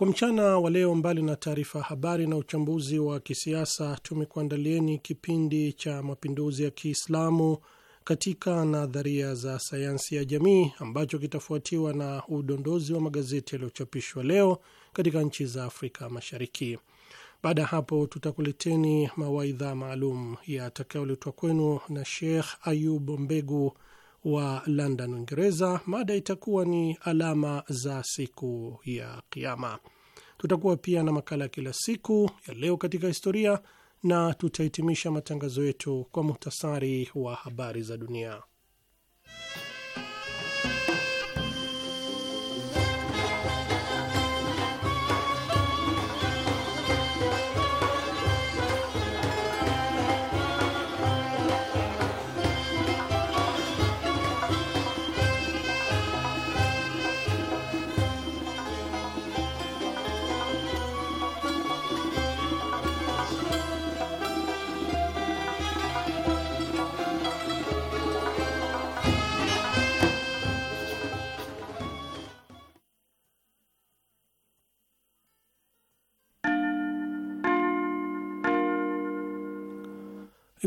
Kwa mchana wa leo, mbali na taarifa habari na uchambuzi wa kisiasa, tumekuandalieni kipindi cha mapinduzi ya Kiislamu katika nadharia za sayansi ya jamii ambacho kitafuatiwa na udondozi wa magazeti yaliyochapishwa leo katika nchi za Afrika Mashariki. Baada ya hapo, tutakuleteni mawaidha maalum yatakayoletwa kwenu na Sheikh Ayub Mbegu wa London, Uingereza. Mada itakuwa ni alama za siku ya Kiama. Tutakuwa pia na makala ya kila siku ya leo katika historia, na tutahitimisha matangazo yetu kwa muhtasari wa habari za dunia.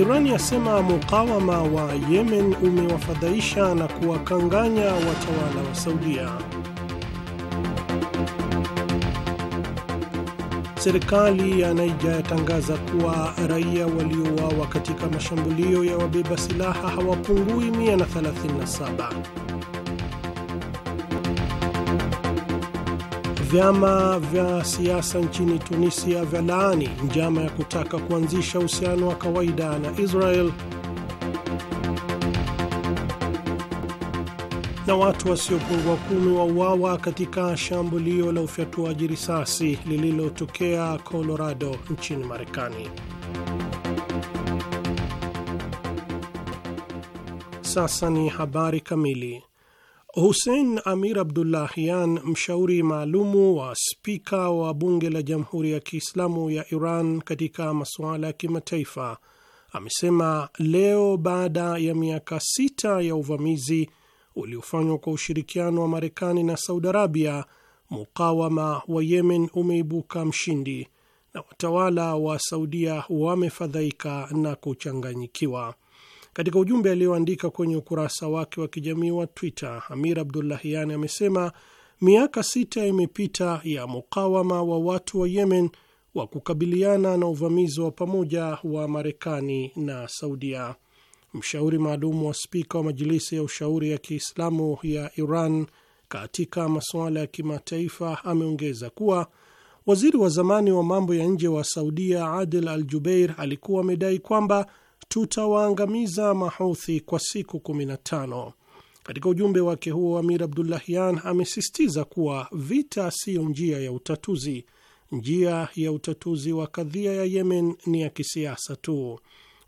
Iran yasema mukawama wa Yemen umewafadhaisha na kuwakanganya watawala wa Saudia. Serikali ya Naija yatangaza kuwa raia waliouawa katika mashambulio ya wabeba silaha hawapungui 137. Vyama vya siasa nchini Tunisia vya laani njama ya kutaka kuanzisha uhusiano wa kawaida na Israel, na watu wasiopungua kumi wauawa katika shambulio la ufyatuaji risasi lililotokea Colorado nchini Marekani. Sasa ni habari kamili. Hussein Amir Abdullahian, mshauri maalumu wa spika wa bunge la Jamhuri ya Kiislamu ya Iran katika masuala ya kimataifa, amesema leo baada ya miaka sita ya uvamizi uliofanywa kwa ushirikiano wa Marekani na Saudi Arabia, mukawama wa Yemen umeibuka mshindi na watawala wa Saudia wamefadhaika na kuchanganyikiwa. Katika ujumbe aliyoandika kwenye ukurasa wake wa kijamii wa Twitter, Amir Abdullahian amesema miaka sita imepita ya mukawama wa watu wa Yemen wa kukabiliana na uvamizi wa pamoja wa Marekani na Saudia. Mshauri maalum wa spika wa Majilisi ya Ushauri ya Kiislamu ya Iran katika masuala ya kimataifa ameongeza kuwa waziri wa zamani wa mambo ya nje wa Saudia Adel Al Jubeir alikuwa amedai kwamba tutawaangamiza mahouthi kwa siku kumi na tano. Katika ujumbe wake huo, Amir Abdullahyan amesisitiza kuwa vita siyo njia ya utatuzi. Njia ya utatuzi wa kadhia ya Yemen ni ya kisiasa tu.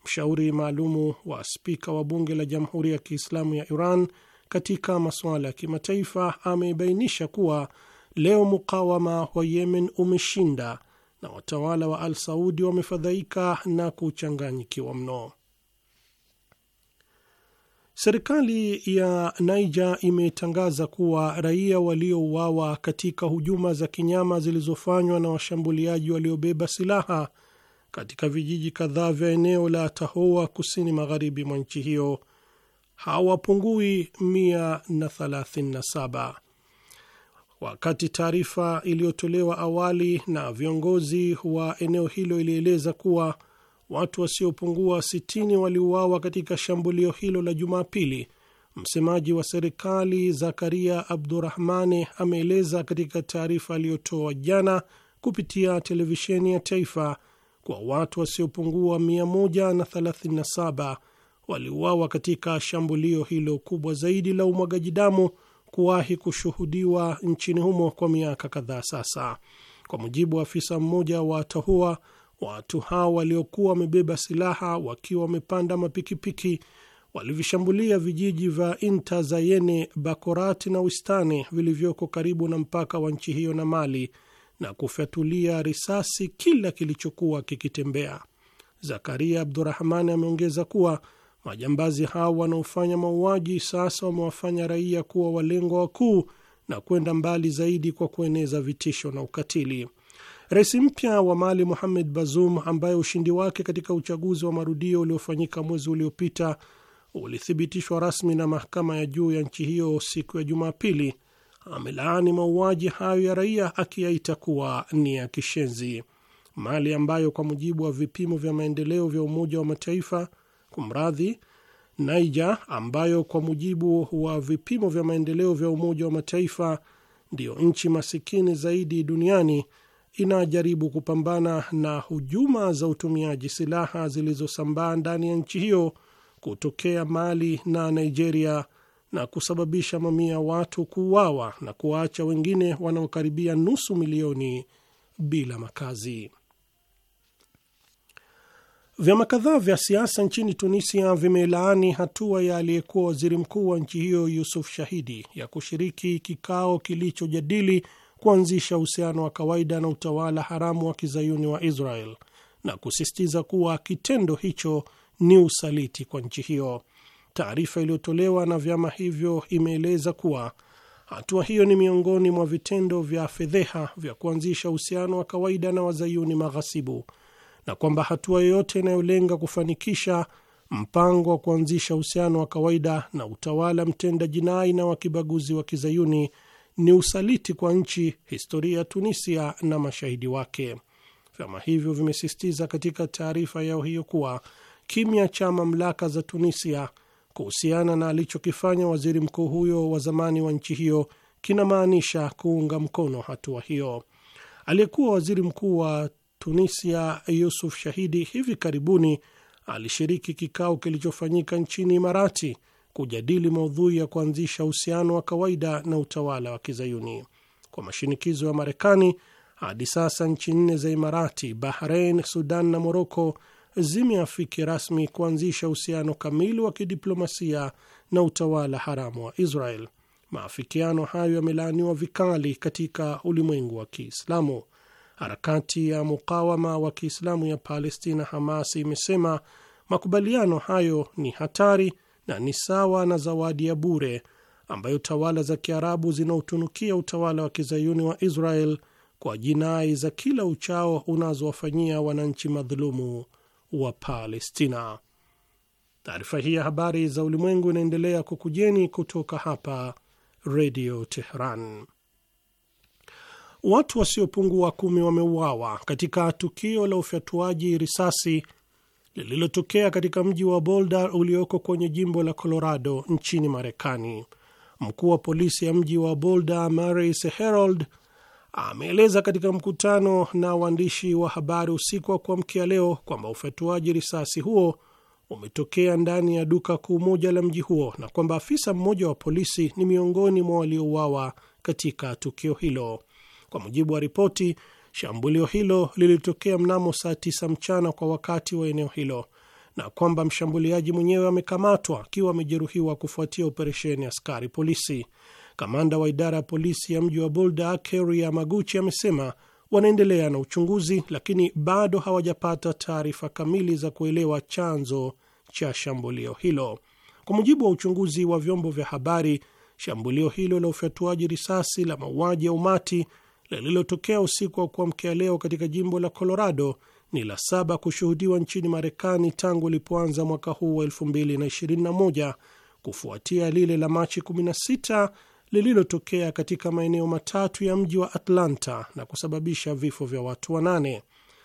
Mshauri maalumu wa spika wa bunge la Jamhuri ya Kiislamu ya Iran katika masuala ya kimataifa amebainisha kuwa leo mukawama wa Yemen umeshinda na watawala wa Al Saudi wamefadhaika na kuchanganyikiwa mno. Serikali ya Niger imetangaza kuwa raia waliouawa katika hujuma za kinyama zilizofanywa na washambuliaji waliobeba silaha katika vijiji kadhaa vya eneo la Tahoa kusini magharibi mwa nchi hiyo hawapungui 137 wakati taarifa iliyotolewa awali na viongozi wa eneo hilo ilieleza kuwa watu wasiopungua 60 waliuawa katika shambulio hilo la Jumapili. Msemaji wa serikali Zakaria Abdurahmani ameeleza katika taarifa aliyotoa jana kupitia televisheni ya taifa kwa watu wasiopungua 137 waliuawa katika shambulio hilo kubwa zaidi la umwagaji damu kuwahi kushuhudiwa nchini humo kwa miaka kadhaa sasa. Kwa mujibu wa afisa mmoja wa TAHUA, watu hao waliokuwa wamebeba silaha wakiwa wamepanda mapikipiki walivishambulia vijiji vya Inta Zayene, Bakorati na Wistani vilivyoko karibu na mpaka wa nchi hiyo na Mali na kufyatulia risasi kila kilichokuwa kikitembea. Zakaria Abdurahmani ameongeza kuwa Majambazi hao wanaofanya mauaji sasa wamewafanya raia kuwa walengwa wakuu na kwenda mbali zaidi kwa kueneza vitisho na ukatili. Rais mpya wa Mali Mohamed Bazoum, ambaye ushindi wake katika uchaguzi wa marudio uliofanyika mwezi uliopita ulithibitishwa rasmi na mahakama ya juu ya nchi hiyo siku ya Jumapili, amelaani mauaji hayo ya raia akiyaita kuwa ni ya kishenzi. Mali ambayo kwa mujibu wa vipimo vya maendeleo vya Umoja wa Mataifa kumradhi Niger ambayo kwa mujibu wa vipimo vya maendeleo vya Umoja wa Mataifa ndiyo nchi masikini zaidi duniani inajaribu kupambana na hujuma za utumiaji silaha zilizosambaa ndani ya nchi hiyo kutokea Mali na Nigeria na kusababisha mamia watu kuuawa na kuwaacha wengine wanaokaribia nusu milioni bila makazi. Vyama kadhaa vya siasa nchini Tunisia vimelaani hatua ya aliyekuwa waziri mkuu wa nchi hiyo Yusuf Shahidi ya kushiriki kikao kilichojadili kuanzisha uhusiano wa kawaida na utawala haramu wa kizayuni wa Israel na kusisitiza kuwa kitendo hicho ni usaliti kwa nchi hiyo. Taarifa iliyotolewa na vyama hivyo imeeleza kuwa hatua hiyo ni miongoni mwa vitendo vya fedheha vya kuanzisha uhusiano wa kawaida na wazayuni maghasibu na kwamba hatua yoyote inayolenga kufanikisha mpango wa kuanzisha uhusiano wa kawaida na utawala mtenda jinai na wa kibaguzi wa kizayuni ni usaliti kwa nchi, historia ya Tunisia na mashahidi wake. Vyama hivyo vimesisitiza katika taarifa yao hiyo kuwa kimya cha mamlaka za Tunisia kuhusiana na alichokifanya waziri mkuu huyo wa zamani wa nchi hiyo kinamaanisha kuunga mkono hatua hiyo. Aliyekuwa waziri mkuu wa Tunisia Yusuf Shahidi hivi karibuni alishiriki kikao kilichofanyika nchini Imarati kujadili maudhui ya kuanzisha uhusiano wa kawaida na utawala wa Kizayuni kwa mashinikizo ya Marekani. Hadi sasa nchi nne za Imarati, Bahrain, Sudan na Moroko zimeafiki rasmi kuanzisha uhusiano kamili wa kidiplomasia na utawala haramu wa Israel. Maafikiano hayo yamelaaniwa vikali katika ulimwengu wa Kiislamu. Harakati ya mukawama wa Kiislamu ya Palestina, Hamas, imesema makubaliano hayo ni hatari na ni sawa na zawadi ya bure ambayo tawala za Kiarabu zinautunukia utawala wa kizayuni wa Israel kwa jinai za kila uchao unazowafanyia wananchi madhulumu wa Palestina. Taarifa hii ya habari za ulimwengu inaendelea kukujeni kutoka hapa Redio teheran Watu wasiopungua kumi wameuawa katika tukio la ufyatuaji risasi lililotokea katika mji wa Boulder ulioko kwenye jimbo la Colorado nchini Marekani. Mkuu wa polisi ya mji wa Boulder, maris herold ameeleza katika mkutano na waandishi wa habari usiku wa kuamkia leo kwamba ufyatuaji risasi huo umetokea ndani ya duka kuu moja la mji huo na kwamba afisa mmoja wa polisi ni miongoni mwa waliouawa katika tukio hilo. Kwa mujibu wa ripoti, shambulio hilo lilitokea mnamo saa t mchana kwa wakati wa eneo hilo na kwamba mshambuliaji mwenyewe amekamatwa akiwa amejeruhiwa kufuatia operesheni askari polisi. Kamanda wa idara ya polisi ya mji wa Bulda, Keri Yamaguchi, amesema wanaendelea na uchunguzi, lakini bado hawajapata taarifa kamili za kuelewa chanzo cha shambulio hilo. Kwa mujibu wa uchunguzi wa vyombo vya habari, shambulio hilo la ufyatuaji risasi la mauaji ya umati lililotokea usiku wa kuamkia leo katika jimbo la Colorado ni la saba kushuhudiwa nchini Marekani tangu ulipoanza mwaka huu wa 2021 kufuatia lile la Machi 16 lililotokea katika maeneo matatu ya mji wa Atlanta na kusababisha vifo vya watu wanane.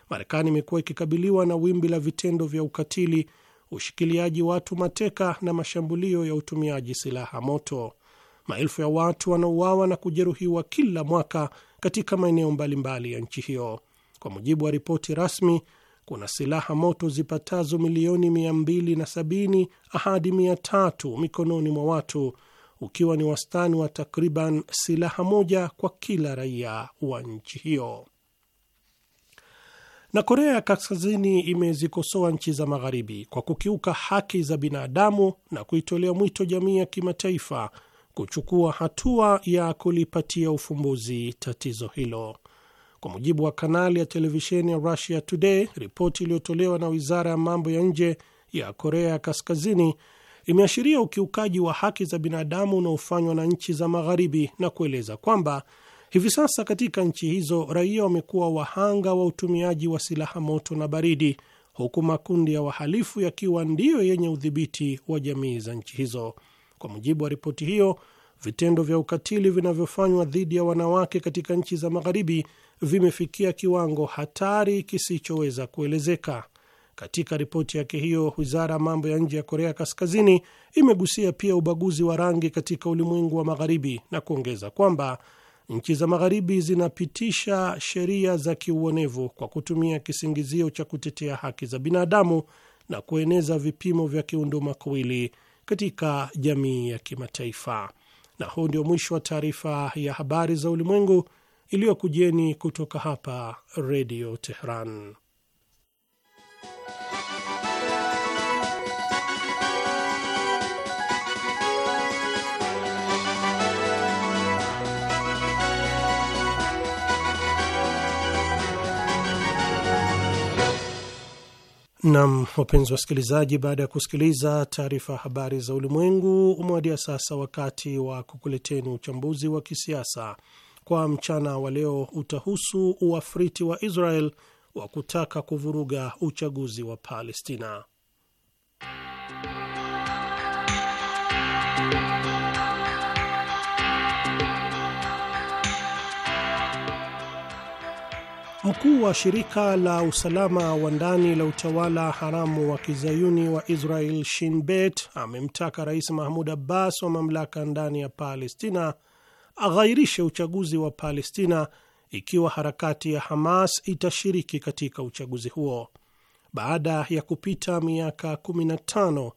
Marekani imekuwa ikikabiliwa na wimbi la vitendo vya ukatili, ushikiliaji watu mateka na mashambulio ya utumiaji silaha moto. Maelfu ya watu wanauawa na kujeruhiwa kila mwaka katika maeneo mbalimbali ya nchi hiyo. Kwa mujibu wa ripoti rasmi, kuna silaha moto zipatazo milioni 270 hadi 300 mikononi mwa watu, ukiwa ni wastani wa takriban silaha moja kwa kila raia wa nchi hiyo. Na Korea ya Kaskazini imezikosoa nchi za Magharibi kwa kukiuka haki za binadamu na kuitolea mwito jamii ya kimataifa kuchukua hatua ya kulipatia ufumbuzi tatizo hilo. Kwa mujibu wa kanali ya televisheni ya Russia Today, ripoti iliyotolewa na wizara ya mambo ya nje ya Korea ya Kaskazini imeashiria ukiukaji wa haki za binadamu unaofanywa na nchi za Magharibi na kueleza kwamba hivi sasa katika nchi hizo raia wamekuwa wahanga wa utumiaji wa silaha moto na baridi, huku makundi ya wahalifu yakiwa ndiyo yenye udhibiti wa jamii za nchi hizo. Kwa mujibu wa ripoti hiyo, vitendo vya ukatili vinavyofanywa dhidi ya wanawake katika nchi za magharibi vimefikia kiwango hatari kisichoweza kuelezeka. Katika ripoti yake hiyo, wizara ya mambo ya nje ya Korea Kaskazini imegusia pia ubaguzi wa rangi katika ulimwengu wa magharibi na kuongeza kwamba nchi za magharibi zinapitisha sheria za kiuonevu kwa kutumia kisingizio cha kutetea haki za binadamu na kueneza vipimo vya kiundumakuwili katika jamii ya kimataifa. Na huu ndio mwisho wa taarifa ya habari za ulimwengu iliyokujeni kutoka hapa Redio Teheran. Nam, wapenzi wasikilizaji, baada ya kusikiliza taarifa ya habari za ulimwengu, umewadia sasa wakati wa kukuleteni uchambuzi wa kisiasa kwa mchana wa leo. Utahusu uafriti wa Israel wa kutaka kuvuruga uchaguzi wa Palestina. Mkuu wa shirika la usalama wa ndani la utawala haramu wa kizayuni wa Israel Shin Bet amemtaka Rais Mahmud Abbas wa mamlaka ndani ya Palestina aghairishe uchaguzi wa Palestina ikiwa harakati ya Hamas itashiriki katika uchaguzi huo. Baada ya kupita miaka 15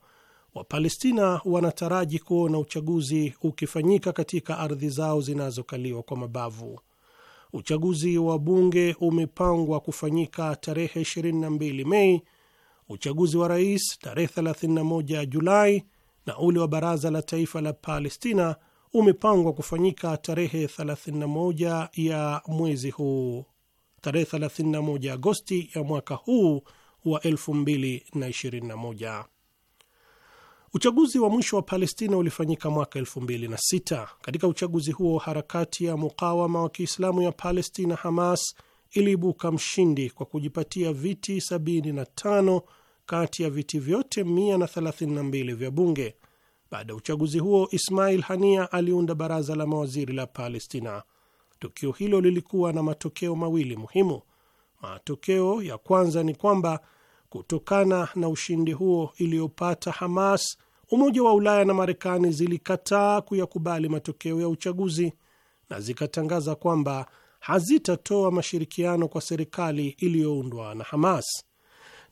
Wapalestina wanataraji kuona uchaguzi ukifanyika katika ardhi zao zinazokaliwa kwa mabavu. Uchaguzi wa bunge umepangwa kufanyika tarehe 22 Mei, uchaguzi wa rais tarehe 31 Julai na ule wa baraza la taifa la Palestina umepangwa kufanyika tarehe 31 ya mwezi huu, tarehe 31 Agosti ya mwaka huu wa 2021. Uchaguzi wa mwisho wa Palestina ulifanyika mwaka sita. Katika uchaguzi huo harakati ya mukawama wa Kiislamu ya Palestina, Hamas, iliibuka mshindi kwa kujipatia viti 75 kati ya viti vyote 132 vya bunge. Baada ya uchaguzi huo, Ismail Hania aliunda baraza la mawaziri la Palestina. Tukio hilo lilikuwa na matokeo mawili muhimu. Matokeo ya kwanza ni kwamba Kutokana na ushindi huo iliyopata Hamas, Umoja wa Ulaya na Marekani zilikataa kuyakubali matokeo ya uchaguzi na zikatangaza kwamba hazitatoa mashirikiano kwa serikali iliyoundwa na Hamas,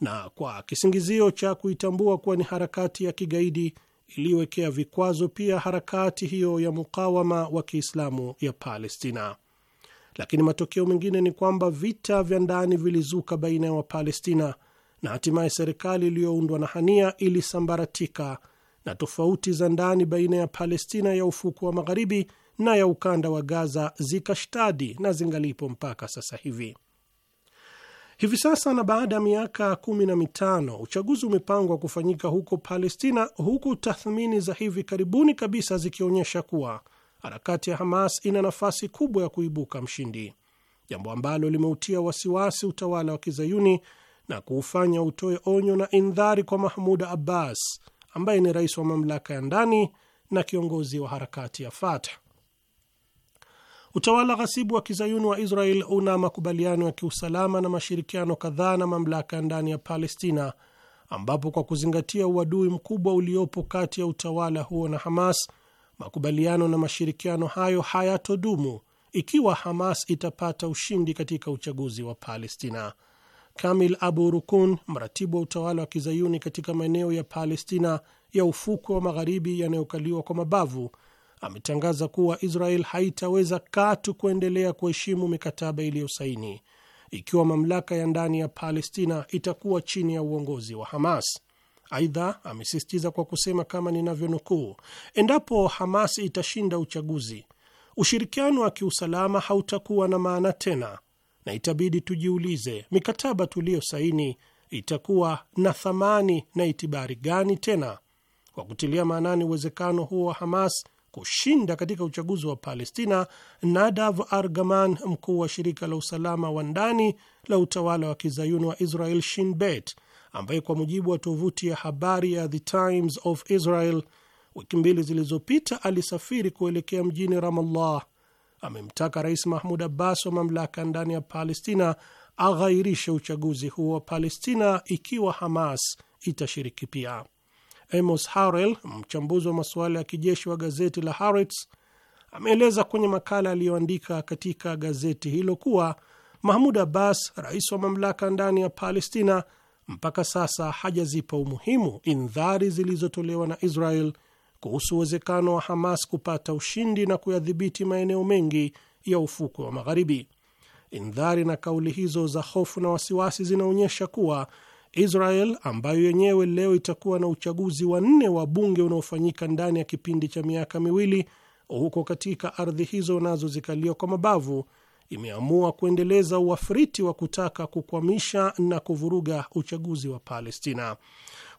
na kwa kisingizio cha kuitambua kuwa ni harakati ya kigaidi iliwekea vikwazo pia harakati hiyo ya mukawama wa Kiislamu ya Palestina. Lakini matokeo mengine ni kwamba vita vya ndani vilizuka baina ya Wapalestina na hatimaye serikali iliyoundwa na Hania ilisambaratika na tofauti za ndani baina ya Palestina ya ufuku wa magharibi na ya ukanda wa Gaza zikashtadi na zingalipo mpaka sasa hivi. Hivi sasa na baada ya miaka kumi na mitano uchaguzi umepangwa kufanyika huko Palestina, huku tathmini za hivi karibuni kabisa zikionyesha kuwa harakati ya Hamas ina nafasi kubwa ya kuibuka mshindi, jambo ambalo limeutia wasiwasi utawala wa kizayuni na kuufanya utoe onyo na indhari kwa Mahmud Abbas ambaye ni rais wa mamlaka ya ndani na kiongozi wa harakati ya Fatah. Utawala ghasibu wa kizayuni wa Israel una makubaliano ya kiusalama na mashirikiano kadhaa na mamlaka ya ndani ya Palestina, ambapo kwa kuzingatia uadui mkubwa uliopo kati ya utawala huo na Hamas, makubaliano na mashirikiano hayo hayatodumu ikiwa Hamas itapata ushindi katika uchaguzi wa Palestina. Kamil Abu Rukun, mratibu wa utawala wa kizayuni katika maeneo ya Palestina ya ufukwe wa magharibi yanayokaliwa kwa mabavu, ametangaza kuwa Israel haitaweza katu kuendelea kuheshimu mikataba iliyosaini ikiwa mamlaka ya ndani ya Palestina itakuwa chini ya uongozi wa Hamas. Aidha, amesisitiza kwa kusema kama ninavyonukuu, endapo Hamas itashinda uchaguzi, ushirikiano wa kiusalama hautakuwa na maana tena na itabidi tujiulize mikataba tuliyosaini itakuwa na thamani na itibari gani tena? Kwa kutilia maanani uwezekano huo wa Hamas kushinda katika uchaguzi wa Palestina, Nadav Argaman, mkuu wa shirika la usalama wa ndani la utawala wa kizayuni wa Israel Shin Bet, ambaye kwa mujibu wa tovuti ya habari ya The Times of Israel wiki mbili zilizopita alisafiri kuelekea mjini Ramallah amemtaka Rais Mahmud Abbas wa mamlaka ndani ya Palestina aghairishe uchaguzi huo wa Palestina ikiwa Hamas itashiriki pia. Amos Harel, mchambuzi wa masuala ya kijeshi wa gazeti la Haaretz, ameeleza kwenye makala aliyoandika katika gazeti hilo kuwa Mahmud Abbas, rais wa mamlaka ndani ya Palestina, mpaka sasa hajazipa umuhimu indhari zilizotolewa na Israel kuhusu uwezekano wa Hamas kupata ushindi na kuyadhibiti maeneo mengi ya ufukwe wa Magharibi. Indhari na kauli hizo za hofu na wasiwasi zinaonyesha kuwa Israel ambayo yenyewe leo itakuwa na uchaguzi wa nne wa bunge unaofanyika ndani ya kipindi cha miaka miwili huko katika ardhi hizo nazozikaliwa kwa mabavu imeamua kuendeleza uafriti wa kutaka kukwamisha na kuvuruga uchaguzi wa Palestina.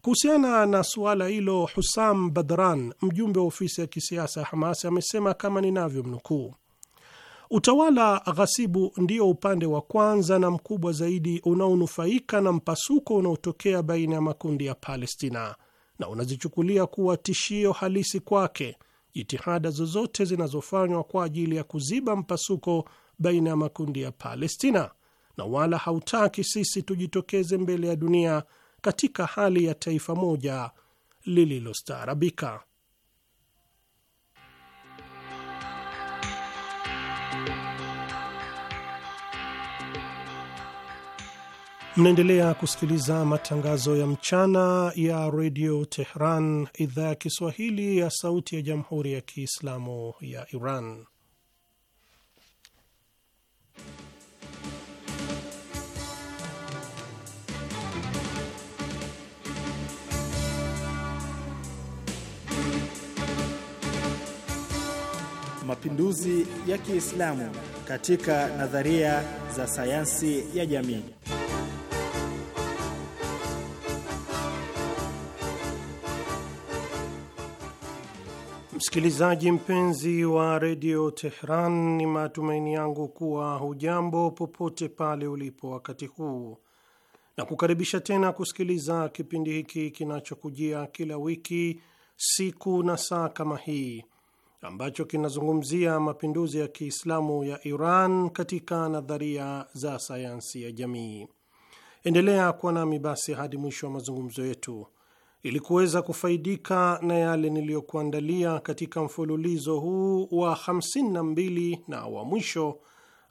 Kuhusiana na suala hilo, Husam Badran, mjumbe wa ofisi ya kisiasa ya Hamas, amesema kama ninavyomnukuu: Utawala ghasibu ndio upande wa kwanza na mkubwa zaidi unaonufaika na mpasuko unaotokea baina ya makundi ya Palestina na unazichukulia kuwa tishio halisi kwake jitihada zozote zinazofanywa kwa ajili ya kuziba mpasuko baina ya makundi ya Palestina, na wala hautaki sisi tujitokeze mbele ya dunia katika hali ya taifa moja lililostaarabika. Mnaendelea kusikiliza matangazo ya mchana ya redio Tehran, idhaa ya Kiswahili ya sauti ya jamhuri ya kiislamu ya Iran. mapinduzi ya Kiislamu katika nadharia za sayansi ya jamii. Msikilizaji mpenzi wa redio Tehran, ni matumaini yangu kuwa hujambo popote pale ulipo wakati huu, na kukaribisha tena kusikiliza kipindi hiki kinachokujia kila wiki siku na saa kama hii ambacho kinazungumzia mapinduzi ya Kiislamu ya Iran katika nadharia za sayansi ya jamii. Endelea kuwa nami basi hadi mwisho wa mazungumzo yetu ili kuweza kufaidika na yale niliyokuandalia katika mfululizo huu wa 52 na wa mwisho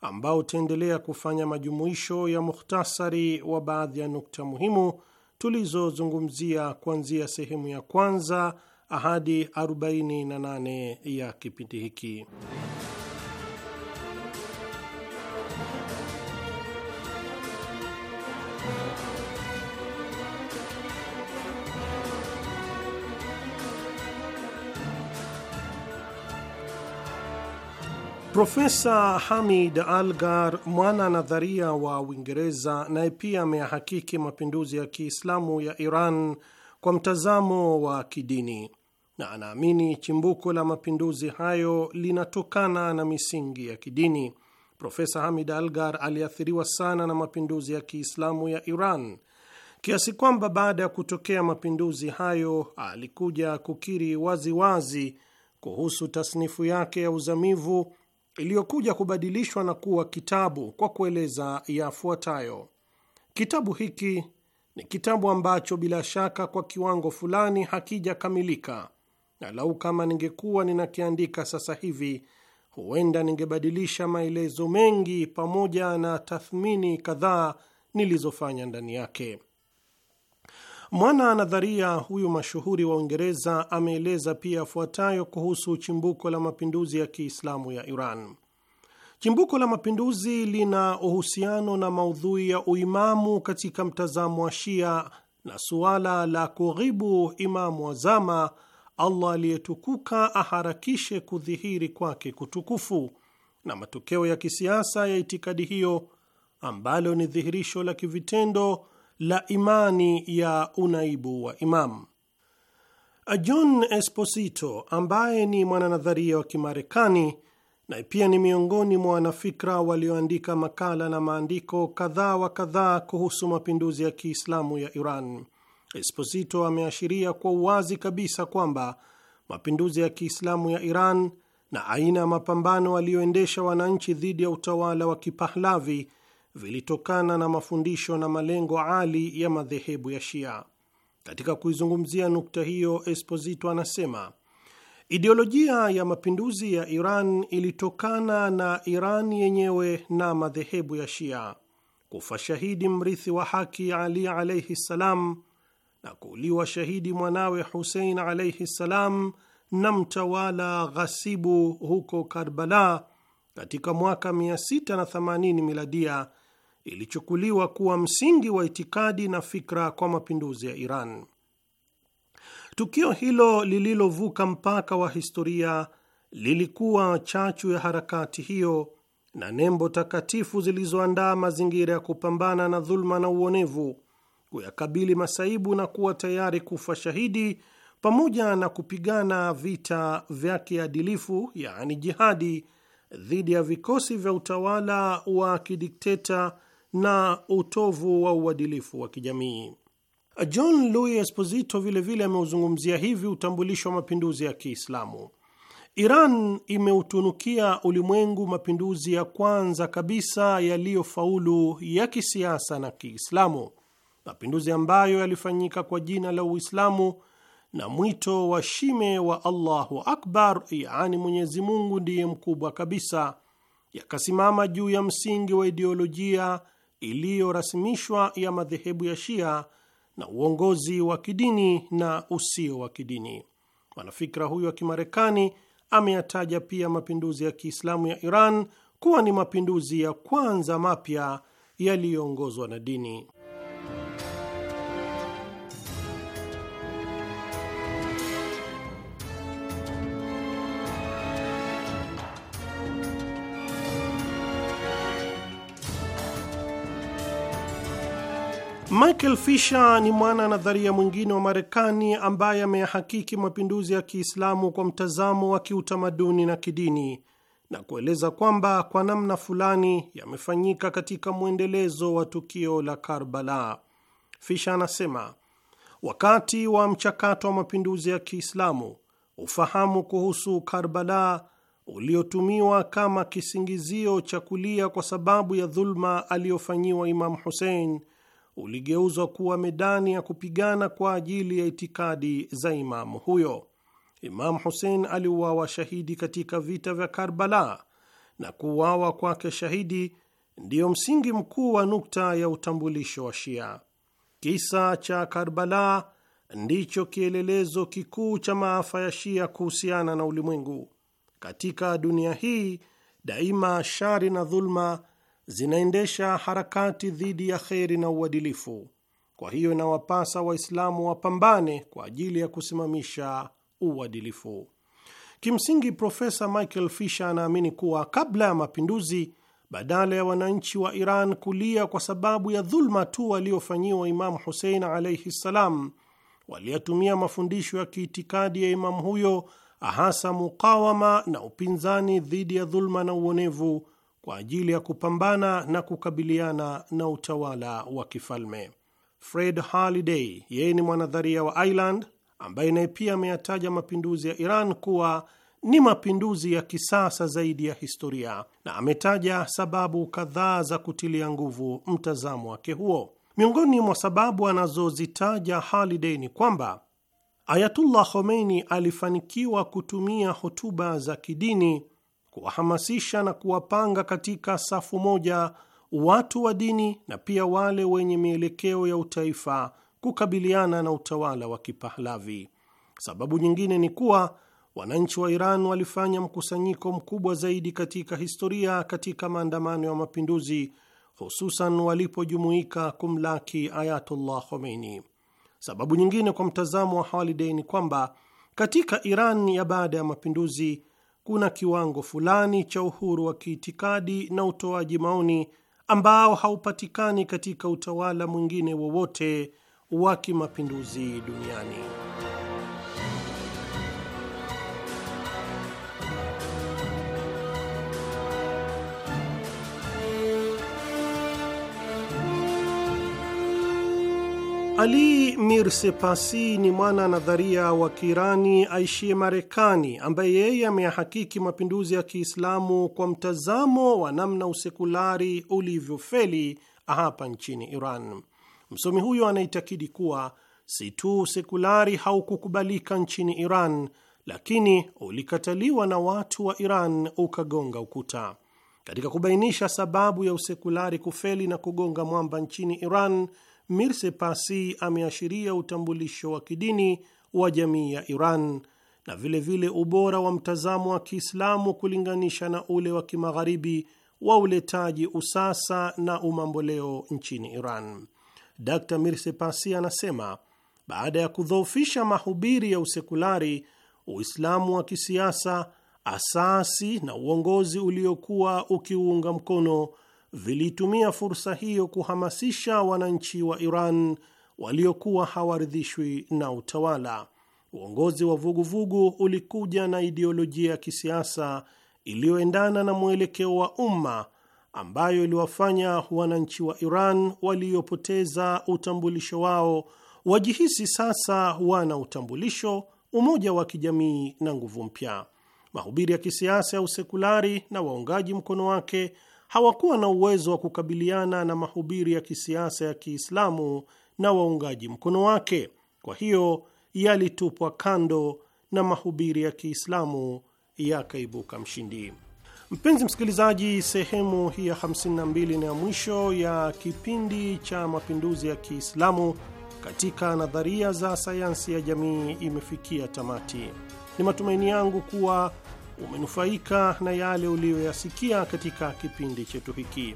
ambao utaendelea kufanya majumuisho ya mukhtasari wa baadhi ya nukta muhimu tulizozungumzia kuanzia sehemu ya kwanza ahadi 48 ya kipindi hiki. Profesa Hamid Algar, mwana nadharia wa Uingereza, naye pia ameyahakiki mapinduzi ya Kiislamu ya Iran kwa mtazamo wa kidini na anaamini chimbuko la mapinduzi hayo linatokana na misingi ya kidini. Profesa Hamid Algar aliathiriwa sana na mapinduzi ya Kiislamu ya Iran kiasi kwamba baada ya kutokea mapinduzi hayo alikuja kukiri waziwazi wazi kuhusu tasnifu yake ya uzamivu iliyokuja kubadilishwa na kuwa kitabu kwa kueleza yafuatayo: kitabu hiki ni kitabu ambacho bila shaka kwa kiwango fulani hakijakamilika na lau kama ningekuwa ninakiandika sasa hivi, huenda ningebadilisha maelezo mengi pamoja na tathmini kadhaa nilizofanya ndani yake. Mwana nadharia huyu mashuhuri wa Uingereza ameeleza pia afuatayo kuhusu chimbuko la mapinduzi ya Kiislamu ya Iran. Chimbuko la mapinduzi lina uhusiano na maudhui ya uimamu katika mtazamo wa Shia na suala la kughibu imamu wa zama Allah aliyetukuka aharakishe kudhihiri kwake kutukufu, na matokeo ya kisiasa ya itikadi hiyo ambalo ni dhihirisho la kivitendo la imani ya unaibu wa Imam. John Esposito ambaye ni mwananadharia wa Kimarekani na pia ni miongoni mwa wanafikra walioandika makala na maandiko kadhaa wa kadhaa kuhusu mapinduzi ya Kiislamu ya Iran Esposito ameashiria kwa uwazi kabisa kwamba mapinduzi ya Kiislamu ya Iran na aina ya mapambano aliyoendesha wananchi dhidi ya utawala wa Kipahlavi vilitokana na mafundisho na malengo ali ya madhehebu ya Shia. Katika kuizungumzia nukta hiyo, Esposito anasema Ideolojia ya mapinduzi ya Iran ilitokana na Iran yenyewe na madhehebu ya Shia. Kufa shahidi mrithi wa haki Ali alaihi ssalam na kuuliwa shahidi mwanawe Husein alaihi ssalam na mtawala ghasibu huko Karbala katika mwaka 680 miladia ilichukuliwa kuwa msingi wa itikadi na fikra kwa mapinduzi ya Iran. Tukio hilo lililovuka mpaka wa historia lilikuwa chachu ya harakati hiyo na nembo takatifu zilizoandaa mazingira ya kupambana na dhuluma na uonevu kuyakabili masaibu na kuwa tayari kufa shahidi pamoja na kupigana vita vya kiadilifu yaani jihadi dhidi ya vikosi vya utawala wa kidikteta na utovu wa uadilifu wa kijamii. John Louis Esposito vilevile ameuzungumzia hivi utambulisho wa mapinduzi ya Kiislamu. Iran imeutunukia ulimwengu mapinduzi ya kwanza kabisa yaliyofaulu ya kisiasa na Kiislamu mapinduzi ambayo yalifanyika kwa jina la Uislamu na mwito wa shime wa Allahu Akbar, yaani Mwenyezi Mungu ndiye mkubwa kabisa, yakasimama juu ya msingi wa ideolojia iliyorasimishwa ya madhehebu ya Shia na uongozi wa kidini na usio wa kidini. Mwanafikra huyo wa Kimarekani ameyataja pia mapinduzi ya Kiislamu ya Iran kuwa ni mapinduzi ya kwanza mapya yaliyoongozwa na dini. Michael Fisher ni mwana nadharia mwingine wa Marekani ambaye ameyahakiki mapinduzi ya Kiislamu kwa mtazamo wa kiutamaduni na kidini na kueleza kwamba kwa namna fulani yamefanyika katika mwendelezo wa tukio la Karbala. Fisher anasema wakati wa mchakato wa mapinduzi ya Kiislamu, ufahamu kuhusu Karbala uliotumiwa kama kisingizio cha kulia kwa sababu ya dhulma aliyofanyiwa Imam Hussein uligeuzwa kuwa medani ya kupigana kwa ajili ya itikadi za imamu huyo. Imamu husein aliuawa shahidi katika vita vya Karbala, na kuuawa kwake shahidi ndiyo msingi mkuu wa nukta ya utambulisho wa Shia. Kisa cha Karbala ndicho kielelezo kikuu cha maafa ya Shia kuhusiana na ulimwengu. Katika dunia hii daima, shari na dhulma zinaendesha harakati dhidi ya kheri na uadilifu. Kwa hiyo inawapasa Waislamu wapambane kwa ajili ya kusimamisha uadilifu. Kimsingi, Profesa Michael Fisher anaamini kuwa kabla ya mapinduzi, badala ya wananchi wa Iran kulia kwa sababu ya dhulma tu waliofanyiwa Imamu Husein alaihi ssalam, waliyatumia mafundisho ya kiitikadi ya imamu huyo, hasa mukawama na upinzani dhidi ya dhulma na uonevu kwa ajili ya kupambana na kukabiliana na utawala wa kifalme. Fred Haliday, yeye ni mwanadharia wa Ireland ambaye naye pia ameyataja mapinduzi ya Iran kuwa ni mapinduzi ya kisasa zaidi ya historia, na ametaja sababu kadhaa za kutilia nguvu mtazamo wake huo. Miongoni mwa sababu anazozitaja Haliday ni kwamba Ayatullah Khomeini alifanikiwa kutumia hotuba za kidini kuwahamasisha na kuwapanga katika safu moja watu wa dini na pia wale wenye mielekeo ya utaifa kukabiliana na utawala wa Kipahlavi. Sababu nyingine ni kuwa wananchi wa Iran walifanya mkusanyiko mkubwa zaidi katika historia katika maandamano ya mapinduzi, hususan walipojumuika kumlaki Ayatullah Khomeini. Sababu nyingine kwa mtazamo wa Holiday ni kwamba katika Iran ya baada ya mapinduzi kuna kiwango fulani cha uhuru wa kiitikadi na utoaji maoni ambao haupatikani katika utawala mwingine wowote wa kimapinduzi duniani. Ali Mirsepasi ni mwana nadharia wa Kirani aishiye Marekani, ambaye yeye ameyahakiki mapinduzi ya Kiislamu kwa mtazamo wa namna usekulari ulivyofeli hapa nchini Iran. Msomi huyo anaitakidi kuwa si tu usekulari haukukubalika nchini Iran, lakini ulikataliwa na watu wa Iran ukagonga ukuta. Katika kubainisha sababu ya usekulari kufeli na kugonga mwamba nchini Iran, Pasi ameashiria utambulisho wa kidini wa jamii ya Iran na vilevile vile ubora wa mtazamo wa Kiislamu kulinganisha na ule wa kimagharibi wa uletaji usasa na umamboleo nchini Iran. Dr Mirsepasi anasema baada ya kudhoofisha mahubiri ya usekulari, Uislamu wa kisiasa, asasi na uongozi uliokuwa ukiunga mkono vilitumia fursa hiyo kuhamasisha wananchi wa Iran waliokuwa hawaridhishwi na utawala. Uongozi wa vuguvugu vugu ulikuja na ideolojia ya kisiasa iliyoendana na mwelekeo wa umma ambayo iliwafanya wananchi wa Iran waliopoteza utambulisho wao wajihisi sasa wana utambulisho, umoja wa kijamii na nguvu mpya. Mahubiri ya kisiasa ya usekulari na waungaji mkono wake hawakuwa na uwezo wa kukabiliana na mahubiri ya kisiasa ya Kiislamu na waungaji mkono wake, kwa hiyo yalitupwa kando na mahubiri ya Kiislamu yakaibuka mshindi. Mpenzi msikilizaji, sehemu hii ya 52 na ya mwisho ya kipindi cha mapinduzi ya Kiislamu katika nadharia za sayansi ya jamii imefikia tamati. Ni matumaini yangu kuwa umenufaika na yale uliyoyasikia katika kipindi chetu hiki.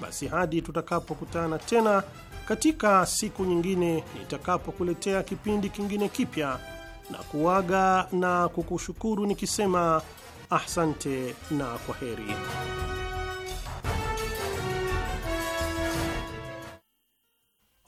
Basi hadi tutakapokutana tena katika siku nyingine, nitakapokuletea kipindi kingine kipya, na kuaga na kukushukuru nikisema ahsante na kwa heri.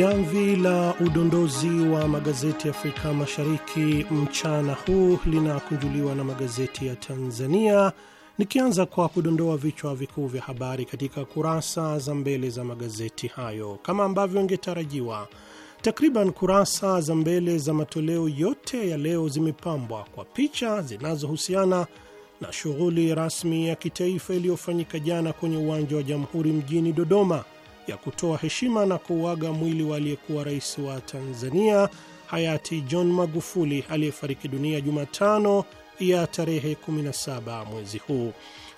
Jamvi la udondozi wa magazeti ya Afrika Mashariki mchana huu linakunjuliwa na magazeti ya Tanzania, nikianza kwa kudondoa vichwa vikuu vya habari katika kurasa za mbele za magazeti hayo. Kama ambavyo ingetarajiwa, takriban kurasa za mbele za matoleo yote ya leo zimepambwa kwa picha zinazohusiana na shughuli rasmi ya kitaifa iliyofanyika jana kwenye uwanja wa Jamhuri mjini Dodoma ya kutoa heshima na kuuaga mwili wa aliyekuwa rais wa Tanzania hayati John Magufuli aliyefariki dunia Jumatano ya tarehe 17 mwezi huu.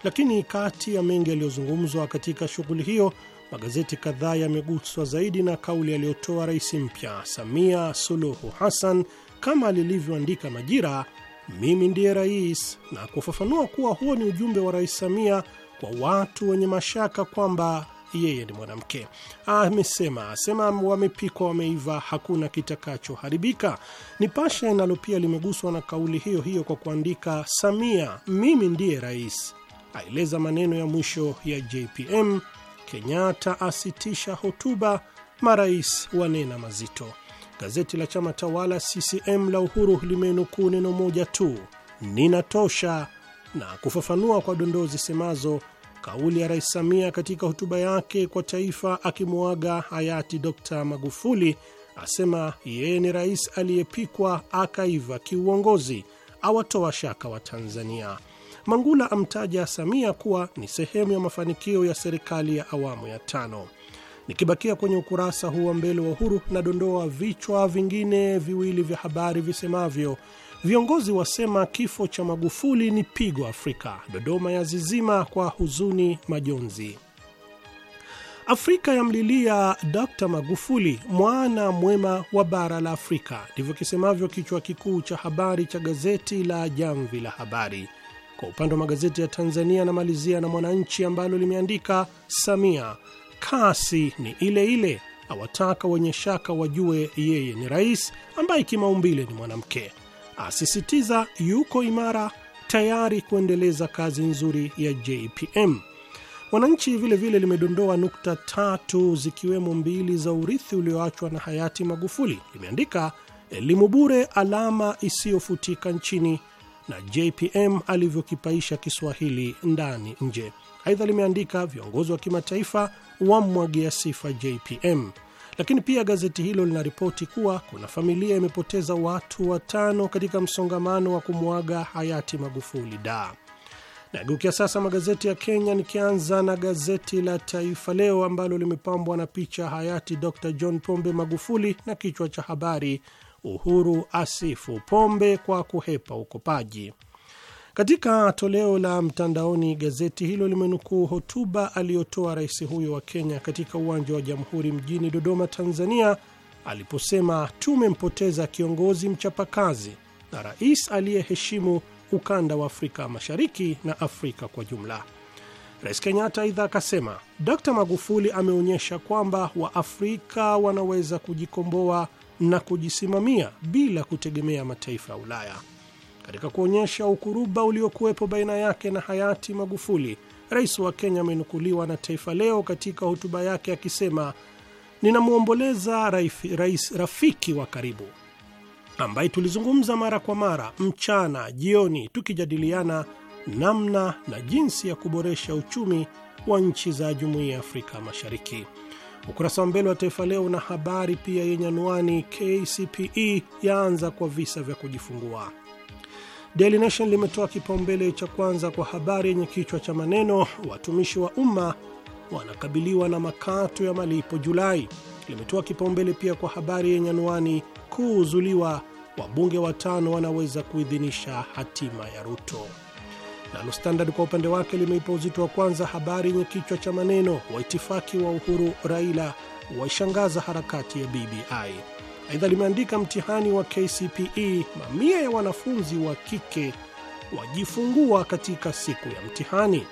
Lakini kati ya mengi yaliyozungumzwa katika shughuli hiyo, magazeti kadhaa yameguswa zaidi na kauli aliyotoa rais mpya Samia Suluhu Hassan kama lilivyoandika Majira, mimi ndiye rais, na kufafanua kuwa huo ni ujumbe wa Rais Samia kwa watu wenye mashaka kwamba yeye ni mwanamke. Amesema asema wamepikwa, wameiva, hakuna kitakachoharibika. Nipashe nalo pia limeguswa na kauli hiyo hiyo kwa kuandika, Samia mimi ndiye rais, aeleza maneno ya mwisho ya JPM. Kenyatta asitisha hotuba, marais wanena mazito. Gazeti la chama tawala CCM la Uhuru limenukuu neno moja tu, ninatosha, na kufafanua kwa dondoo zisemazo Kauli ya Rais Samia katika hotuba yake kwa taifa akimwaga hayati Dr Magufuli asema yeye ni rais aliyepikwa akaiva kiuongozi, awatoa shaka wa Tanzania. Mangula amtaja Samia kuwa ni sehemu ya mafanikio ya serikali ya awamu ya tano. Nikibakia kwenye ukurasa huu wa mbele wa Uhuru, nadondoa vichwa vingine viwili vya habari visemavyo Viongozi wasema kifo cha Magufuli ni pigo Afrika. Dodoma ya zizima kwa huzuni, majonzi. Afrika yamlilia d Magufuli, mwana mwema wa bara la Afrika, ndivyo kisemavyo kichwa kikuu cha habari cha gazeti la Jamvi la Habari. Kwa upande wa magazeti ya Tanzania, anamalizia na Mwananchi ambalo limeandika Samia kasi ni ile ile, awataka wenye shaka wajue yeye ni rais, ambaye kimaumbile ni mwanamke asisitiza yuko imara tayari kuendeleza kazi nzuri ya JPM. Wananchi vilevile limedondoa nukta tatu zikiwemo mbili za urithi ulioachwa na hayati Magufuli. Limeandika elimu bure, alama isiyofutika nchini, na JPM alivyokipaisha Kiswahili ndani nje. Aidha limeandika viongozi wa kimataifa wamwagia sifa JPM. Lakini pia gazeti hilo linaripoti kuwa kuna familia imepoteza watu watano katika msongamano wa kumwaga hayati Magufuli da Nageukia sasa magazeti ya Kenya, nikianza na gazeti la Taifa Leo ambalo limepambwa na picha hayati Dr John Pombe Magufuli na kichwa cha habari, Uhuru asifu Pombe kwa kuhepa ukopaji. Katika toleo la mtandaoni gazeti hilo limenukuu hotuba aliyotoa rais huyo wa Kenya katika uwanja wa Jamhuri mjini Dodoma, Tanzania, aliposema tumempoteza kiongozi mchapakazi na rais aliyeheshimu ukanda wa Afrika Mashariki na Afrika kwa jumla. Rais Kenyatta aidha akasema Dkt Magufuli ameonyesha kwamba Waafrika wanaweza kujikomboa na kujisimamia bila kutegemea mataifa ya Ulaya. Katika kuonyesha ukuruba uliokuwepo baina yake na hayati Magufuli, rais wa Kenya amenukuliwa na Taifa Leo katika hotuba yake akisema, ninamwomboleza rais, rafiki wa karibu ambaye tulizungumza mara kwa mara, mchana jioni, tukijadiliana namna na jinsi ya kuboresha uchumi wa nchi za Jumuiya ya Afrika Mashariki. Ukurasa wa mbele wa Taifa Leo na habari pia yenye anwani KCPE yaanza kwa visa vya kujifungua. Daily Nation limetoa kipaumbele cha kwanza kwa habari yenye kichwa cha maneno watumishi wa umma wanakabiliwa na makato ya malipo Julai. Limetoa kipaumbele pia kwa habari yenye anwani kuuzuliwa, wabunge watano wanaweza kuidhinisha hatima ya Ruto. Nalo Standard kwa upande wake limeipa uzito wa kwanza habari yenye kichwa cha maneno waitifaki wa Uhuru Raila waishangaza harakati ya BBI. Aidha, limeandika mtihani wa KCPE, mamia ya wanafunzi wa kike wajifungua katika siku ya mtihani.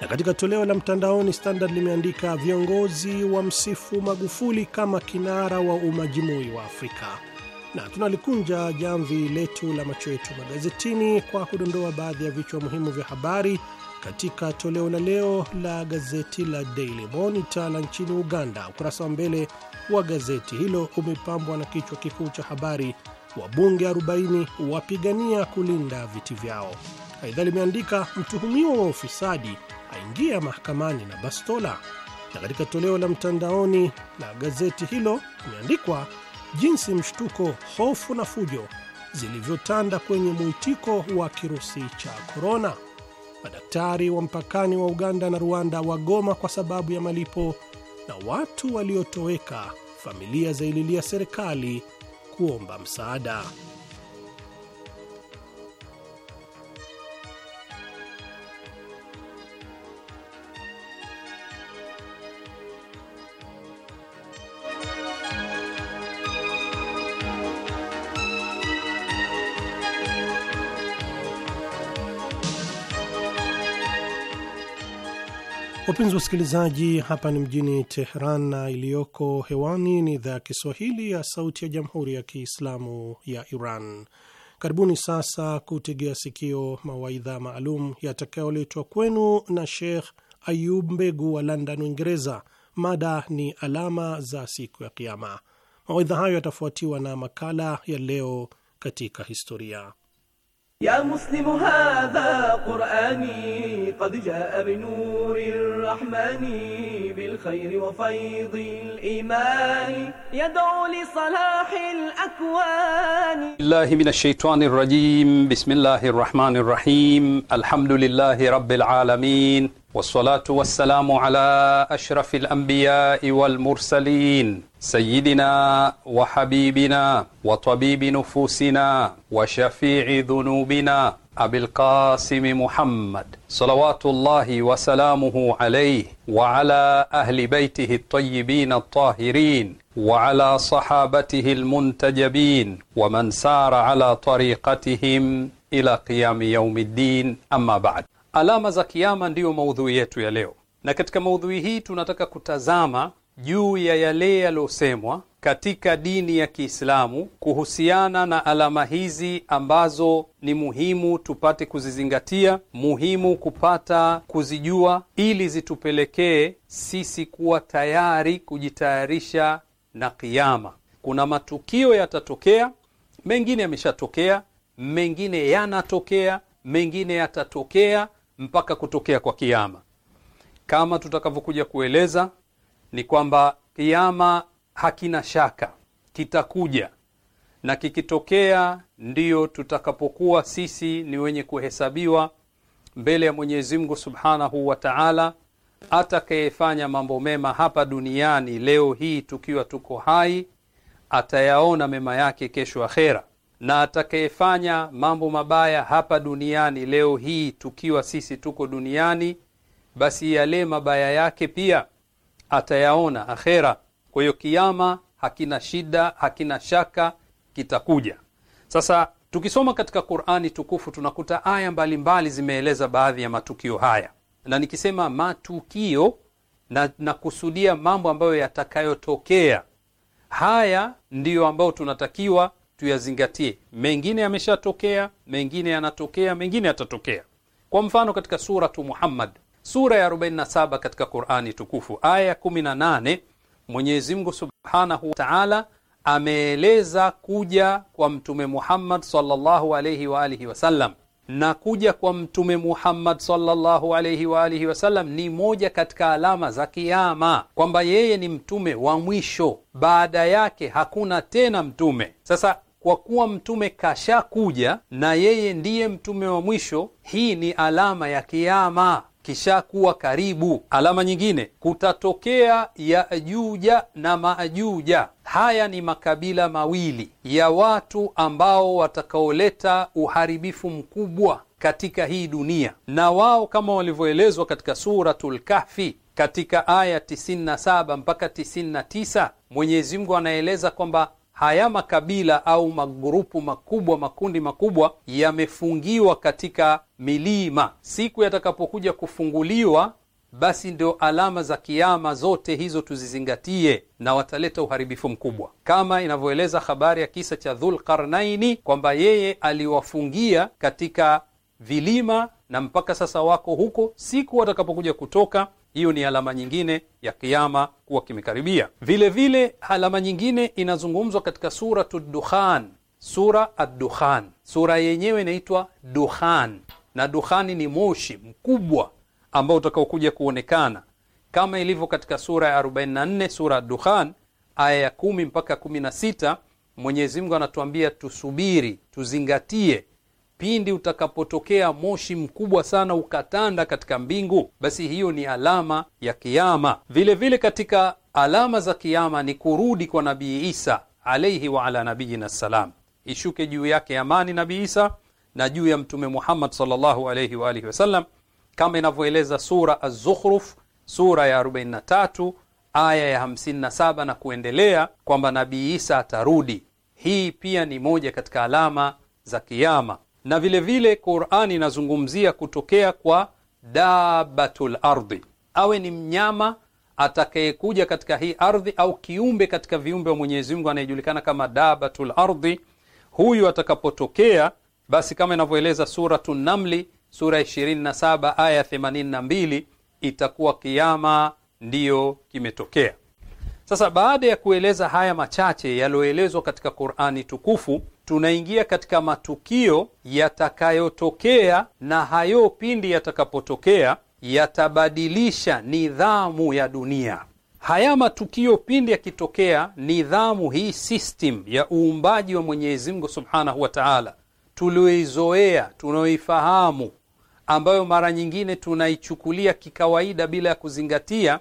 Na katika toleo la mtandaoni Standard limeandika viongozi wa msifu Magufuli kama kinara wa umajimui wa Afrika, na tunalikunja jamvi letu la macho yetu magazetini kwa kudondoa baadhi ya vichwa muhimu vya habari katika toleo la leo la gazeti la Daily Monitor la nchini Uganda, ukurasa wa mbele wa gazeti hilo umepambwa na kichwa kikuu cha habari, wabunge 40 wapigania kulinda viti vyao. Aidha limeandika mtuhumiwa wa ufisadi aingia mahakamani na bastola. Na katika toleo la mtandaoni la gazeti hilo imeandikwa jinsi mshtuko, hofu na fujo zilivyotanda kwenye mwitiko wa kirusi cha korona madaktari wa mpakani wa Uganda na Rwanda wagoma kwa sababu ya malipo, na watu waliotoweka, familia zaililia serikali kuomba msaada. Wapenzi wasikilizaji, hapa ni mjini Teheran na iliyoko hewani ni idhaa ya Kiswahili ya Sauti ya Jamhuri ya Kiislamu ya Iran. Karibuni sasa kutegea sikio mawaidha maalum yatakayoletwa kwenu na Sheikh Ayub Mbegu wa London, Uingereza. Mada ni alama za siku ya Kiama. Mawaidha hayo yatafuatiwa na makala ya leo katika historia. يا مسلم هذا قرآني قد جاء بنور الرحمن بالخير وفيض الإيمان يدعو لصلاح الأكوان الله من الشيطان الرجيم بسم الله الرحمن الرحيم الحمد لله رب العالمين والصلاة والسلام على أشرف الأنبياء والمرسلين سيدنا وحبيبنا وطبيب نفوسنا وشفيع ذنوبنا أبي القاسم محمد صلوات الله وسلامه عليه وعلى أهل بيته الطيبين الطاهرين وعلى صحابته المنتجبين ومن سار على طريقتهم إلى قيام يوم الدين أما بعد ألا مزا قياما ديو maudhui yetu نكتك leo تنتك كتزاما juu ya yale yaliyosemwa katika dini ya Kiislamu kuhusiana na alama hizi ambazo ni muhimu tupate kuzizingatia, muhimu kupata kuzijua, ili zitupelekee sisi kuwa tayari, kujitayarisha na kiama. Kuna matukio yatatokea, mengine yameshatokea, mengine yanatokea, mengine yatatokea mpaka kutokea kwa kiama, kama tutakavyokuja kueleza ni kwamba kiama hakina shaka kitakuja, na kikitokea ndiyo tutakapokuwa sisi ni wenye kuhesabiwa mbele ya Mwenyezi Mungu Subhanahu wa Ta'ala. Atakayefanya mambo mema hapa duniani leo hii tukiwa tuko hai atayaona mema yake kesho akhera, na atakayefanya mambo mabaya hapa duniani leo hii tukiwa sisi tuko duniani, basi yale mabaya yake pia atayaona akhera. Kwa hiyo kiama hakina shida, hakina shaka kitakuja. Sasa tukisoma katika Qur'ani tukufu tunakuta aya mbalimbali zimeeleza baadhi ya matukio haya, na nikisema matukio na nakusudia mambo ambayo yatakayotokea. Haya ndiyo ambayo tunatakiwa tuyazingatie. Mengine yameshatokea, mengine yanatokea, mengine yatatokea. Kwa mfano katika suratu Muhammad sura ya 47 katika Qur'ani tukufu aya ya 18, Mwenyezi Mungu Subhanahu wa Ta'ala ameeleza kuja kwa Mtume Muhammad sallallahu alayhi wa alihi wasallam, na kuja kwa Mtume Muhammad sallallahu alayhi wa alihi wasallam ni moja katika alama za Kiyama, kwamba yeye ni mtume wa mwisho, baada yake hakuna tena mtume. Sasa kwa kuwa mtume kashakuja na yeye ndiye mtume wa mwisho, hii ni alama ya Kiyama kishakuwa karibu. Alama nyingine kutatokea Yajuja na Majuja. Haya ni makabila mawili ya watu ambao watakaoleta uharibifu mkubwa katika hii dunia, na wao kama walivyoelezwa katika Suratul Kahfi katika aya 97 mpaka 99, Mwenyezi Mungu anaeleza kwamba haya makabila au magrupu makubwa, makundi makubwa yamefungiwa katika milima. Siku yatakapokuja kufunguliwa, basi ndio alama za kiama zote hizo tuzizingatie, na wataleta uharibifu mkubwa, kama inavyoeleza habari ya kisa cha Dhulqarnaini kwamba yeye aliwafungia katika vilima na mpaka sasa wako huko. Siku watakapokuja kutoka hiyo ni alama nyingine ya kiama kuwa kimekaribia. Vile vile alama nyingine inazungumzwa katika suratu Dukhan, sura Addukhan. Sura yenyewe inaitwa Dukhan, na dukhani ni moshi mkubwa ambao utakaokuja kuonekana kama ilivyo katika sura ya 44 sura Dukhan aya ya 10 mpaka 16. Mwenyezi Mungu anatuambia tusubiri, tuzingatie pindi utakapotokea moshi mkubwa sana ukatanda katika mbingu, basi hiyo ni alama ya kiama. Vile vile katika alama za kiama ni kurudi kwa Nabii Isa alaihi wa ala nabiyina ssalam, ishuke juu yake amani Nabii Isa na juu ya Mtume Muhammad sallallahu alaihi wa alihi wasallam, kama inavyoeleza sura Az-Zukhruf sura ya 43 aya ya 57 na kuendelea kwamba Nabii Isa atarudi. Hii pia ni moja katika alama za kiama na vile vile Qur'ani inazungumzia kutokea kwa dabatul ardi, awe ni mnyama atakayekuja katika hii ardhi au kiumbe katika viumbe wa Mwenyezi Mungu anayejulikana kama dabatul ardi. Huyu atakapotokea basi, kama inavyoeleza suratu Namli sura 27 aya 82, itakuwa kiama ndiyo kimetokea. Sasa baada ya kueleza haya machache yaliyoelezwa katika Qur'ani tukufu tunaingia katika matukio yatakayotokea, na hayo pindi yatakapotokea yatabadilisha nidhamu ya dunia. Haya matukio pindi yakitokea, nidhamu hii, system ya uumbaji wa Mwenyezi Mungu Subhanahu wa Ta'ala, tulioizoea tunaoifahamu, ambayo mara nyingine tunaichukulia kikawaida bila ya kuzingatia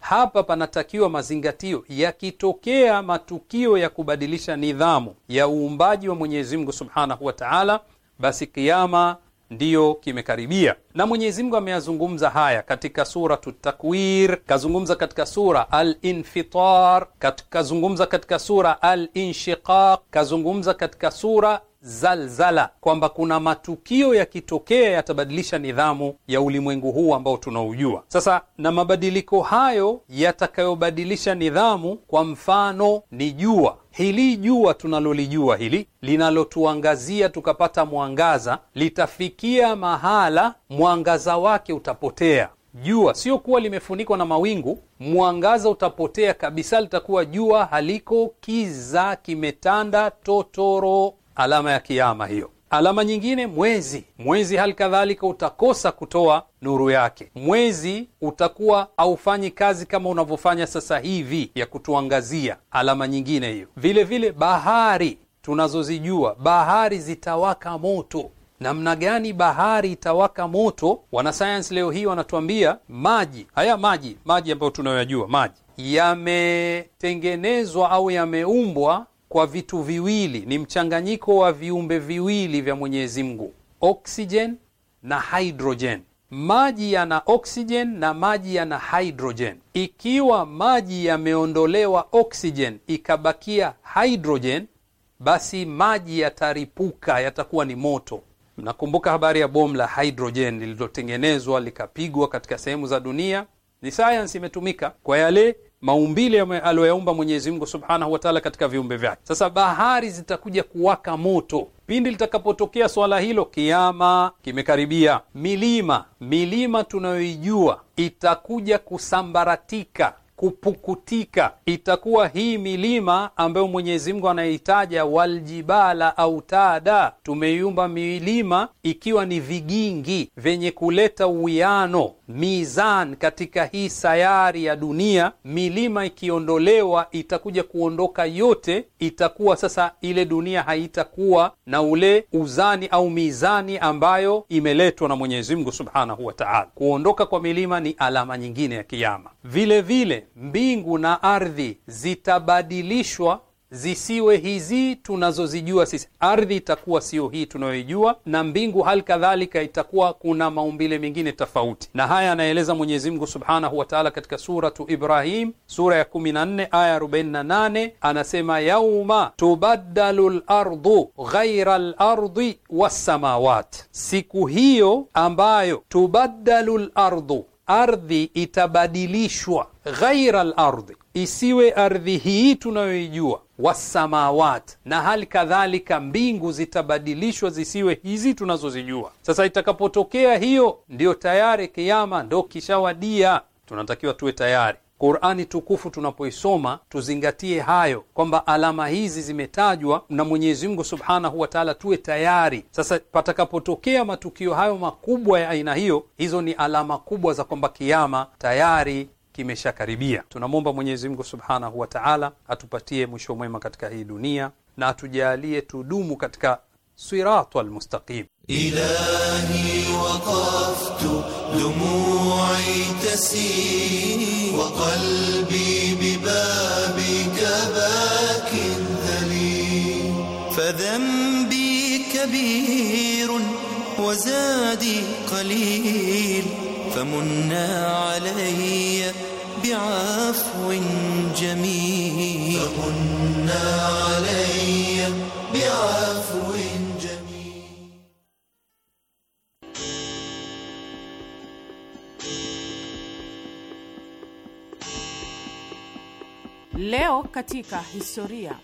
hapa panatakiwa mazingatio. Yakitokea matukio ya kubadilisha nidhamu ya uumbaji wa Mwenyezi Mungu subhanahu wa taala, basi kiama ndiyo kimekaribia. Na Mwenyezi Mungu ameyazungumza haya katika Suratu Takwir, kazungumza katika sura Al-Infitar, kazungumza katika sura Al-Inshiqaq, kazungumza katika sura zalzala, kwamba kuna matukio yakitokea yatabadilisha nidhamu ya ulimwengu huu ambao tunaujua sasa, na mabadiliko hayo yatakayobadilisha nidhamu, kwa mfano ni jua hili jua tunalolijua hili linalotuangazia tukapata mwangaza, litafikia mahala mwangaza wake utapotea. Jua sio kuwa limefunikwa na mawingu, mwangaza utapotea kabisa, litakuwa jua haliko, kiza kimetanda totoro alama ya kiama hiyo. Alama nyingine mwezi, mwezi hali kadhalika utakosa kutoa nuru yake. Mwezi utakuwa haufanyi kazi kama unavyofanya sasa hivi ya kutuangazia, alama nyingine hiyo. Vile vile bahari tunazozijua, bahari zitawaka moto. Namna gani bahari itawaka moto? Wanasayansi leo hii wanatuambia maji haya, maji maji ambayo tunayoyajua, maji yametengenezwa au yameumbwa kwa vitu viwili, ni mchanganyiko wa viumbe viwili vya Mwenyezi Mungu, oksijen na hidrojen. Maji yana oksijen na maji yana hidrojen. Ikiwa maji yameondolewa oksijen ikabakia hidrojen, basi maji yataripuka, yatakuwa ni moto. Mnakumbuka habari ya bomu la hidrojen lililotengenezwa likapigwa katika sehemu za dunia? Ni sayansi imetumika kwa yale maumbile aliyoyaumba Mwenyezi Mungu Subhanahu wa Ta'ala katika viumbe vyake. Sasa bahari zitakuja kuwaka moto pindi litakapotokea swala hilo, kiama kimekaribia. Milima, milima tunayoijua itakuja kusambaratika kupukutika itakuwa hii milima ambayo Mwenyezi Mungu anaitaja waljibala au tada, tumeiumba milima ikiwa ni vigingi vyenye kuleta uwiano mizan katika hii sayari ya dunia, milima ikiondolewa, itakuja kuondoka yote, itakuwa sasa ile dunia haitakuwa na ule uzani au mizani ambayo imeletwa na Mwenyezi Mungu subhanahu wa taala. Kuondoka kwa milima ni alama nyingine ya Kiama. vilevile vile mbingu na ardhi zitabadilishwa zisiwe hizi tunazozijua sisi. Ardhi itakuwa sio hii tunayoijua, na mbingu hali kadhalika itakuwa kuna maumbile mengine tofauti. Na haya anaeleza Mwenyezi Mungu subhanahu wa taala katika Suratu Ibrahim sura ya 14 aya 48, anasema yauma tubaddalu lardu ghaira lardi wassamawat, siku hiyo ambayo tubaddalu lardu ardhi itabadilishwa, ghaira lardi isiwe ardhi hii tunayoijua, wasamawat, na hali kadhalika mbingu zitabadilishwa zisiwe hizi tunazozijua. Sasa itakapotokea hiyo, ndiyo tayari kiama ndo kishawadia, tunatakiwa tuwe tayari. Qurani tukufu tunapoisoma tuzingatie hayo kwamba alama hizi zimetajwa na Mwenyezi Mungu subhanahu wa taala, tuwe tayari. Sasa patakapotokea matukio hayo makubwa ya aina hiyo, hizo ni alama kubwa za kwamba kiama tayari kimeshakaribia. Tunamwomba Mwenyezi Mungu subhanahu wa taala atupatie mwisho mwema katika hii dunia na atujalie tudumu katika sirata almustaqim. Ilahi waqaftu dumu'i tasiri wa qalbi bibabika bakin dhali fadhanbi kabirun wa zadi qalil فمنا علي بعفو جميل فمنا علي بعفو جميل Leo katika historia.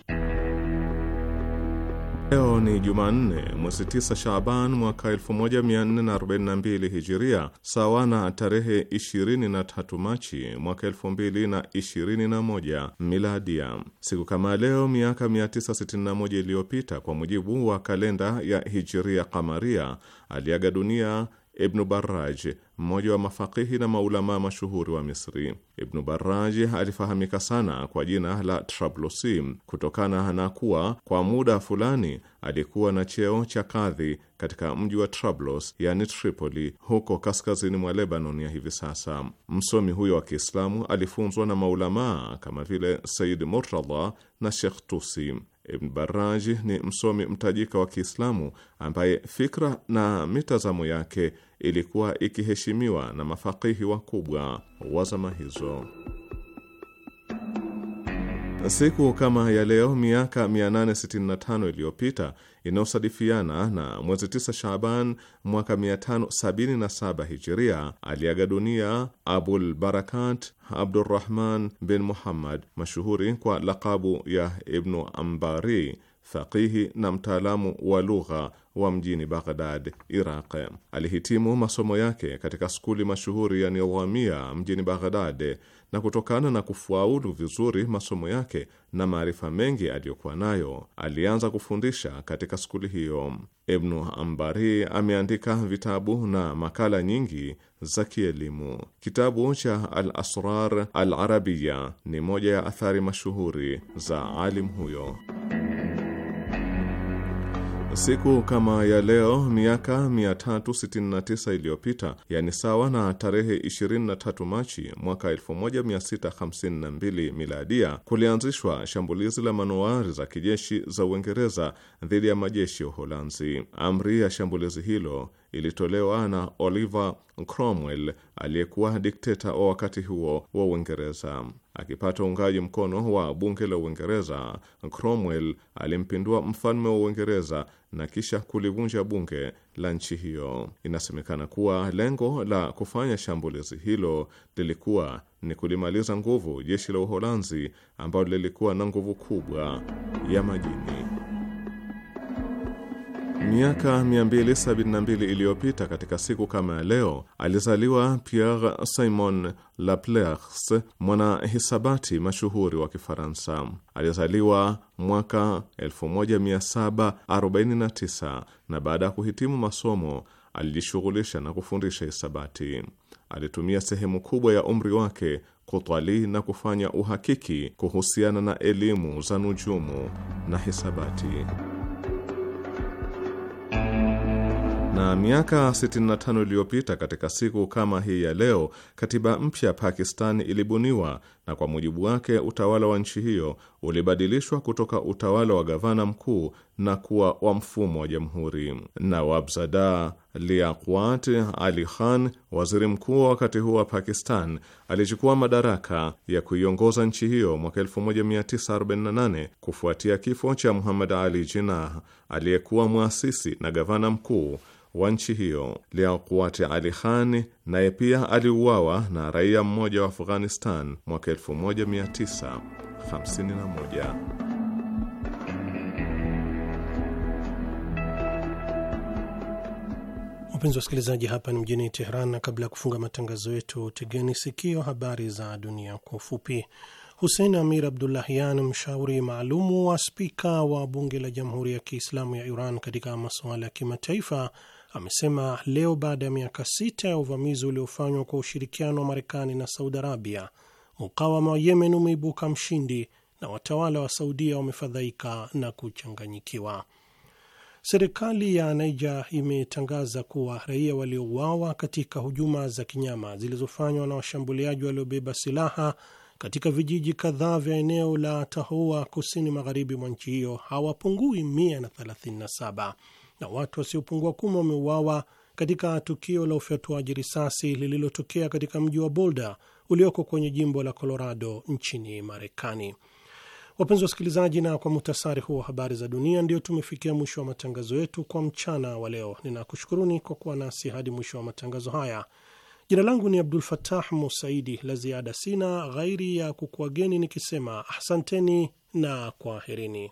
Leo ni Jumanne, mwezi 9 Shaaban mwaka 1442 Hijiria, sawa na tarehe 23 Machi mwaka 2021 Miladia. Siku kama leo miaka 961 iliyopita, kwa mujibu wa kalenda ya Hijiria Kamaria, aliaga dunia Ibnu Baraj, mmoja wa mafakihi na maulamaa mashuhuri wa Misri. Ibnu Baraji alifahamika sana kwa jina la Trablosi kutokana na kuwa kwa muda fulani alikuwa na cheo cha kadhi katika mji wa Trablos, yani Tripoli, huko kaskazini mwa Lebanon ya hivi sasa. Msomi huyo wa Kiislamu alifunzwa na maulamaa kama vile Said Murtadha na Shekh Tusi. Ibn Baraji ni msomi mtajika wa Kiislamu ambaye fikra na mitazamo yake ilikuwa ikiheshimiwa na mafakihi wakubwa wa zama hizo. Siku kama ya leo miaka 865 iliyopita inayosadifiana na mwezi 9 Shaban mwaka 577 Hijiria, aliaga dunia Abul Barakat Abdurrahman bin Muhammad, mashuhuri kwa lakabu ya Ibnu Ambari, faqihi na mtaalamu wa lugha wa mjini Baghdad, Iraq. Alihitimu masomo yake katika skuli mashuhuri ya Niwamia mjini Baghdad, na kutokana na kufaulu vizuri masomo yake na maarifa mengi aliyokuwa nayo, alianza kufundisha katika skuli hiyo. Ibnu Ambari ameandika vitabu na makala nyingi za kielimu. Kitabu cha Al-Asrar Al-Arabiya ni moja ya athari mashuhuri za alim huyo. Siku kama ya leo miaka 369 iliyopita, yani sawa na tarehe 23 Machi mwaka 1652 miladia, kulianzishwa shambulizi la manowari za kijeshi za Uingereza dhidi ya majeshi ya Uholanzi. Amri ya shambulizi hilo ilitolewa na Oliver Cromwell aliyekuwa dikteta wa wakati huo wa Uingereza. Akipata uungaji mkono wa bunge la Uingereza, Cromwell alimpindua mfalme wa Uingereza na kisha kulivunja bunge la nchi hiyo. Inasemekana kuwa lengo la kufanya shambulizi hilo lilikuwa ni kulimaliza nguvu jeshi la Uholanzi ambalo lilikuwa na nguvu kubwa ya majini. Miaka 272 iliyopita katika siku kama ya leo alizaliwa Pierre Simon Laplace, mwanahisabati mashuhuri wa Kifaransa. Alizaliwa mwaka 1749 na baada ya kuhitimu masomo alijishughulisha na kufundisha hisabati. Alitumia sehemu kubwa ya umri wake kutwalii na kufanya uhakiki kuhusiana na elimu za nujumu na hisabati. Na miaka 65 iliyopita katika siku kama hii ya leo, katiba mpya ya Pakistan ilibuniwa na kwa mujibu wake utawala wa nchi hiyo ulibadilishwa kutoka utawala wa gavana mkuu na kuwa wa mfumo wa jamhuri. Na Wabzada Liaquat Ali Khan, waziri mkuu wa wakati huo wa Pakistan, alichukua madaraka ya kuiongoza nchi hiyo mwaka 1948 kufuatia kifo cha Muhammad Ali Jinnah aliyekuwa mwasisi na gavana mkuu wa nchi hiyo. Liaquat Ali Khan naye pia aliuawa na raia mmoja wa Afghanistan mwaka 1951. Wapenzi wasikilizaji, hapa ni mjini Teheran, na kabla ya kufunga matangazo yetu, tegeni sikio habari za dunia kwa ufupi. Hussein Amir Abdullahian, mshauri maalumu wa spika wa bunge la Jamhuri ya Kiislamu ya Iran katika masuala ya kimataifa, amesema leo baada ya miaka sita ya uvamizi uliofanywa kwa ushirikiano wa Marekani na Saudi Arabia mkawama wa Yemen umeibuka mshindi na watawala wa Saudia wamefadhaika na kuchanganyikiwa. Serikali ya Niger imetangaza kuwa raia waliouawa katika hujuma za kinyama zilizofanywa na washambuliaji waliobeba silaha katika vijiji kadhaa vya eneo la Tahoua kusini magharibi mwa nchi hiyo hawapungui 137 na watu wasiopungua kumi wameuawa katika tukio la ufyatuaji risasi lililotokea katika mji wa Boulder ulioko kwenye jimbo la Colorado nchini Marekani. Wapenzi wa wasikilizaji, na kwa muhtasari huo habari za dunia, ndio tumefikia mwisho wa matangazo yetu kwa mchana wa leo. Ninakushukuruni kwa kuwa nasi hadi mwisho wa matangazo haya. Jina langu ni Abdul Fatah Musaidi. La ziada sina ghairi ya kukuageni nikisema asanteni na kwaherini.